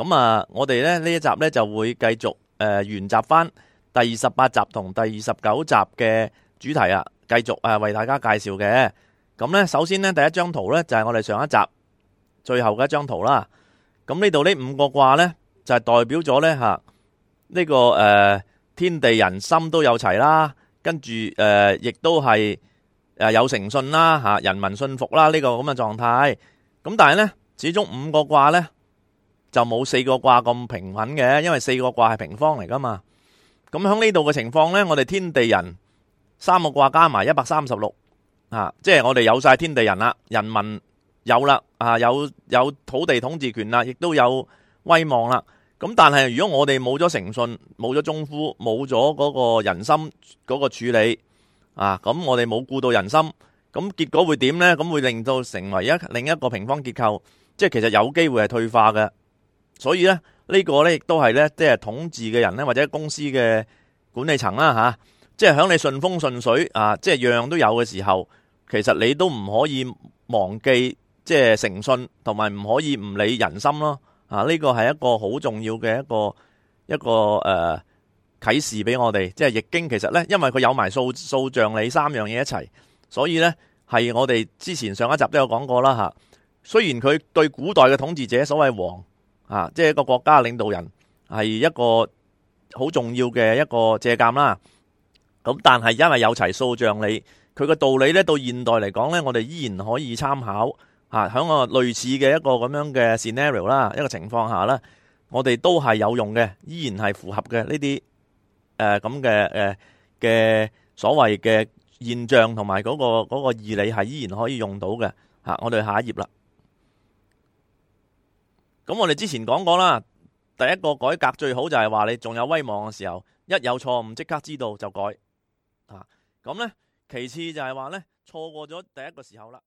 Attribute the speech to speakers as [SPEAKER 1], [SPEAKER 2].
[SPEAKER 1] 咁啊，我哋咧呢一集咧就會繼續誒，原集翻第二十八集同第二十九集嘅主題啊，繼續誒為大家介紹嘅。咁咧，首先咧第一張圖咧就係我哋上一集最後嘅一張圖啦。咁呢度呢五個卦咧就係代表咗咧吓呢個誒天地人心都有齊啦，跟住誒亦都係誒有誠信啦吓，人民信服啦呢個咁嘅狀態。咁但係咧始終五個卦咧。就冇四個卦咁平穩嘅，因為四個卦係平方嚟噶嘛。咁響呢度嘅情況呢，我哋天地人三個卦加埋一百三十六啊，即係我哋有晒天地人啦，人民有啦啊，有有土地統治權啦，亦都有威望啦。咁但係如果我哋冇咗誠信，冇咗中孚，冇咗嗰個人心嗰個處理啊，咁我哋冇顧到人心，咁結果會點呢？咁會令到成為一另一個平方結構，即係其實有機會係退化嘅。所以咧，呢個咧亦都係咧，即係統治嘅人咧，或者公司嘅管理層啦，吓，即係響你順風順水啊，即係樣樣都有嘅時候，其實你都唔可以忘記誠，即係誠信同埋唔可以唔理人心咯。呢個係一個好重要嘅一個一個呃啟示俾我哋。即係《易經》，其實咧，因為佢有埋數數象理三樣嘢一齊，所以咧係我哋之前上一集都有講過啦。吓，雖然佢對古代嘅統治者所謂王。啊，即係一個國家領導人係一個好重要嘅一個借鑑啦。咁但係因為有齊數像理，佢嘅道理咧，到現代嚟講咧，我哋依然可以參考。啊，響個類似嘅一個咁樣嘅 scenario 啦，一個情況下咧，我哋都係有用嘅，依然係符合嘅呢啲誒咁嘅誒嘅所謂嘅現象同埋嗰個嗰個義理係依然可以用到嘅。吓，我哋下一頁啦。咁我哋之前講過啦，第一個改革最好就係話你仲有威望嘅時候，一有錯誤即刻知道就改，啊，咁呢，其次就係話呢，錯過咗第一個時候啦。